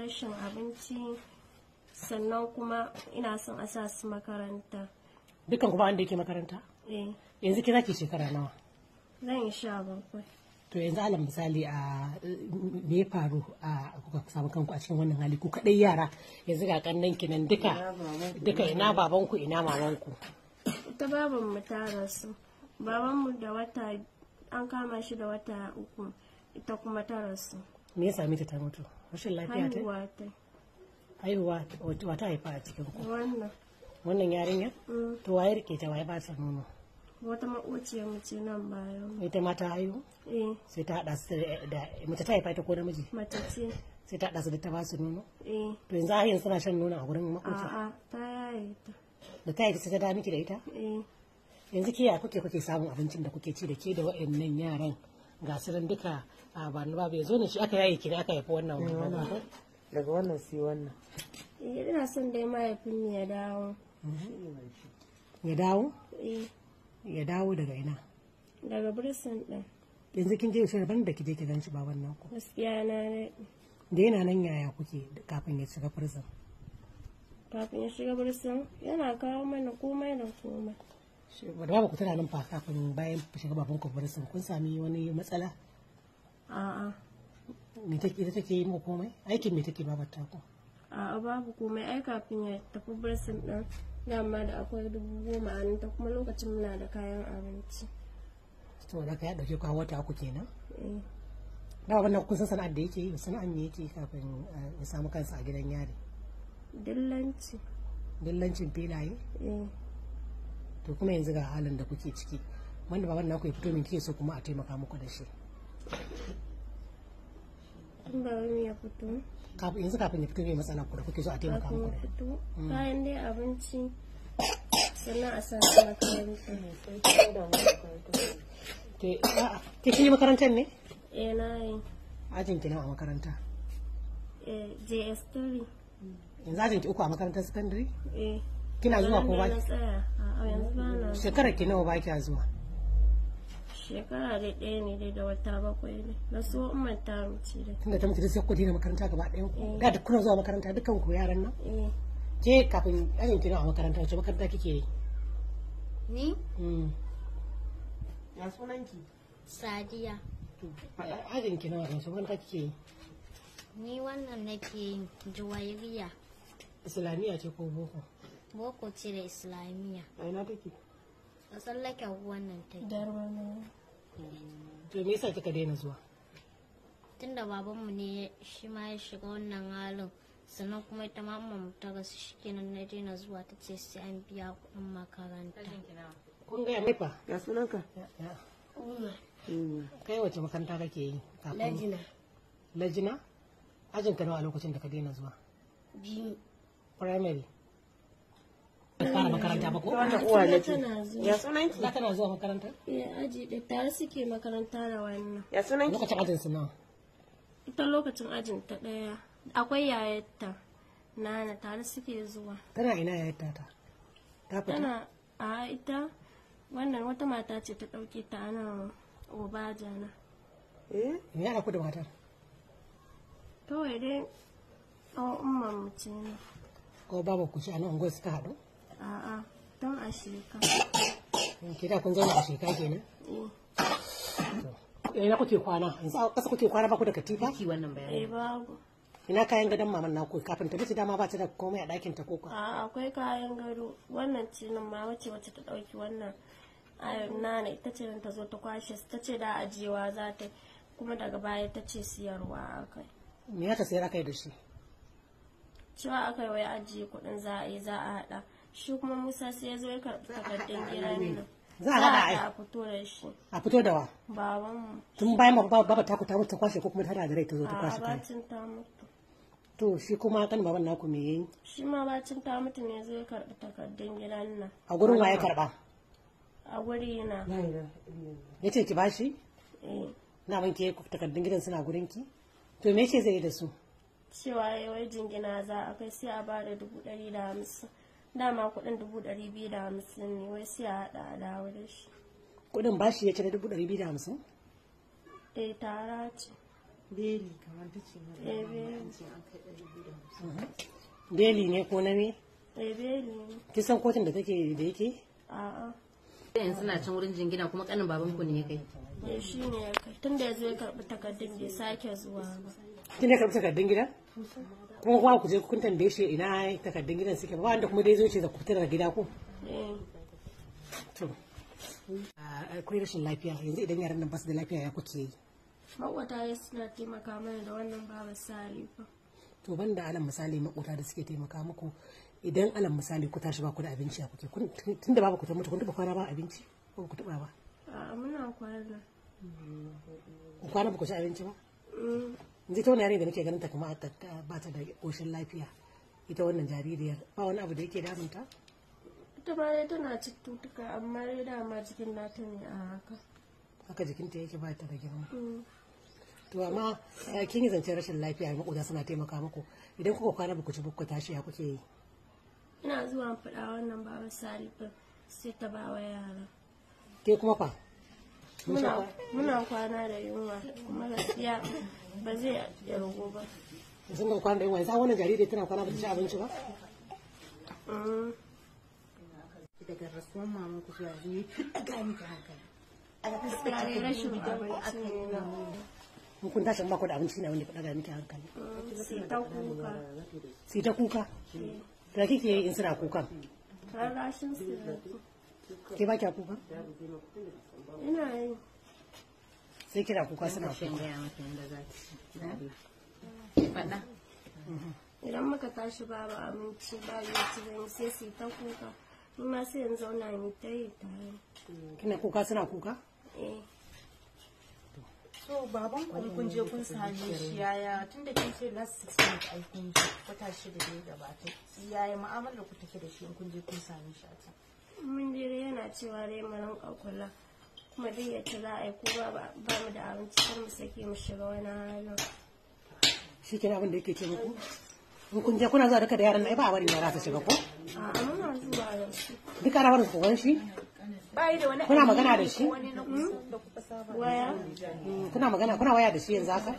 rashin abinci sannan kuma ina son a sa su makaranta dukkan kuma wanda yake makaranta eh yanzu kira ke shekara nawa zan yi sha bakwai to yanzu alam misali a me faru a kuka samu kanku a cikin wannan hali ku kadai yara yanzu ga kannan kinan duka duka ina babanku ina ku. ta baban mu ta rasu baban mu da wata an kama shi da wata uku ita kuma ta rasu me ya sami ta ta mutu rashin lafiya ta haihuwa wata haifa a cikin ku wannan wannan yarinya mm. to waye rike ta waye ba ta nono wata makociya mace nan bayan ita ma ta haihu eh sai ta hada su da mace ta haifa ta ko namiji mace ce sai ta hada su da ta ba su nono eh to yanzu har yanzu suna shan nono a gurin makociya a'a ta yaye ta da ta haifa sai ta da miki da ita eh yanzu ke ya kuke kuke samun abincin da kuke ci da ke da waɗannan yaran ga su duka a ba bai zo ne shi aka yaye ki aka haifi wannan daga wannan sai wannan eh, ina son dai mahaifin ya dawo ya dawo eh. ya dawo daga ina daga britain din yanzu kin je shi daban da kije ki ganci ba wannan ku gaskiya na ne da yana nan yaya kuke kafin ya shiga prison kafin ya shiga prison yana kawo mana komai da komai wadda ba ku tana nan fa kafin bayan shiga baban kwamfarisin kun sami wani matsala a'a me take ita take yi muku komai aikin me take babar ta ku a'a babu komai ai kafin ya tafi barsin din dama da akwai dubu goma a ta kuma lokacin muna da kayan abinci to da ka ya dauke kwa wata uku kenan eh. da wannan kun san sana'ar da yake yi sana'ar me yake kafin eh, ya samu kansa a gidan yari dillanci dillancin filaye eh to kuma yanzu ga halin da kuke ciki wanda baban naku ya fito min kike so kuma a taimaka muku da shi baban ya fito yanzu kafin ya fito mai matsala ku da kuke so a taimaka muku da fito bayan mm. dai abinci sannan a sa ta makaranta ke a'a ke kin makarantar ne eh na yi ajin ki nawa a makaranta eh js3 yanzu ajin ki uku a makarantar secondary eh kina zuwa ko ba shekara ki nawa ba zuwa shekara da ɗaya ne dai da wata bakwai ne na so in ta mace da tunda ta mutu da sai ku dina makaranta gaba ɗayan ku eh. da duk kuna zuwa makaranta dukkan ku yaran nan eh. ke kafin ajin kina a makaranta wace makaranta kike yi ni hmm. ya sunan ki sadiya ajin kina a wace makaranta kike yi ni wannan nake juwayiriya islamiyya ce ko boko boko ce da islamiyya a ina take a tsallaken wannan ta to me yasa kika daina zuwa tunda babanmu ne shi ma ya shiga wannan halin sannan kuma ita ma mu ta gasu shi nan na daina zuwa ta ce sai an biya kuɗin makaranta kun gaya mai fa ya sunanka kai wace makaranta kake yi lajina lajina ajin ka nawa a lokacin da ka daina zuwa biyu primary fara makaranta ba ko? Wata uwa Ya sunan zuwa makaranta? Ya aji da tare suke makaranta da wannan. Ya ki? Lokacin ajin su nawa? Ita lokacin ajin ta ɗaya. Akwai yayarta. Nana tare suke zuwa. Tana ina yayarta ta? Ta fita? Tana a ita wannan wata mata ce ta ɗauke ta ana Obaja Eh? Me ku da matar? Kawai dai ɗan umman ne. Ko babu ku shi a nan unguwar suka haɗu? A'a, don a sheka. Ke kun zauna a sheka kenan? Oh. Ina kuke kwana? In Kasa kuke kwana ba ku da katifa? Ki wannan bayani. Eh babu. Ina kayan gadon maman na naku kafin ta mutu dama ba ta da komai a ɗakin ta koko. A'a akwai kayan gado. Wannan cinin nan ma wacce wacce ta ɗauki wannan. Nana ita ce ta zo ta kwashe su ta ce da ajiyewa za ta kuma daga baya ta ce siyarwa akai. Me ya ta sayar akai da shi? Cewa akai wai ajiye kuɗin za a yi za a haɗa. shi kuma musa sai ya zo ya karɓi takardar gidan nan za a haɗa a fito da shi a fito da wa baban tun bayan baba ta ku ta mutu kwashe ko kuma ta da rai ta zo ta kwashe kai bacin ta mutu to shi kuma kan baban naku me yayi shi ma bacin ta mutu ne zai karɓi takardar gidan nan a gurin wa ya karɓa a guri na ya ce ki bashi eh. na ban ke takardun gidan suna gurin ki to me ce zai yi da su cewa yawai jingina za a kai sai a ba da dubu ɗari da hamsin dama kuɗin dubu ɗari biyu da hamsin ne wai sai a haɗa a dawo da shi kuɗin bashi ya cire dubu ɗari biyu da hamsin eh tara ce beli kamar ta ce eh mhm. beli ne ko na me eh beli ne Ki san kotun da take da yake a'a yanzu suna can wurin jingina kuma kanin baban ku ne ya kai eh shi ne ya kai tunda ya zo ya karɓi takardun bai sake zuwa ba kin ya karɓi takardun gida kuma kuma ku je kun tambaye shi ina takardun gidan suke ba wanda kuma dai zo ce da ku fitar daga gida ko to akwai rashin lafiya yanzu idan yaran nan ba su da lafiya ya kuke yi makwata ya suna taimaka mana da wannan baba salifa to ban da alam misali makwata da suke taimaka muku idan alam misali ku tashi ba ku da abinci a kuke tun da ba ku ta mutu kun taba kwana ba abinci ko ku taba ba a muna kwana ku kwana ba ku ci abinci ba mm. yanzu ta wani yare da nake ganin ta kamar ba ta da koshin lafiya ita wannan jaririyar ba wani abu da yake damunta ita ba dai tana cututtuka amma dai dama jikin nata ne a haka haka jikin ta yake ba ta da girma mm. to amma eh, kin yi zancen rashin lafiya makoda suna taimaka muku idan kuka kwana ba ku ci ku tashi ya kuke yi ina zuwa faɗa wannan baba sarifin sai ta ba wa yara ke kuma fa muna kwana da yunwa kuma gaskiya ba zai yargo ba sun ga kwana da yunwa yanzu wani jariri tana kwana ba ta ci abinci ba mm. daga rasuwan ku zuwa zuwa a da da na miki hankali sai mm, ta kuka kuka da mm. kike suna kukan rarrashin su ke ba kya kuka ina yi sai kira kuka suna kuka hmm. hmm. idan muka tashi ba babu abinci ba yi ci zan sai su ta kuka in ma sai yin zauna ni ta yi ta yi kina kuka suna kuka so eh. baban ku kun je kun same shi yaya tun da kin ce last six months ai kun wata shida da ya gabata yaya mu'amalar ku take da shi in kun je kun same shi a can mun dai yana cewa dai mu rinka kula kuma dai yace za a yi ko ba mu da abinci kar mu sake mu shiga wani halin shi kenan abin da yake ce muku in kun je kuna zuwa duka da yaran na ba a bari yara ta shiga ko a'a muna zuwa da su duk arabar ku wani shi kuna magana da shi waya kuna magana kuna waya da shi yanzu haka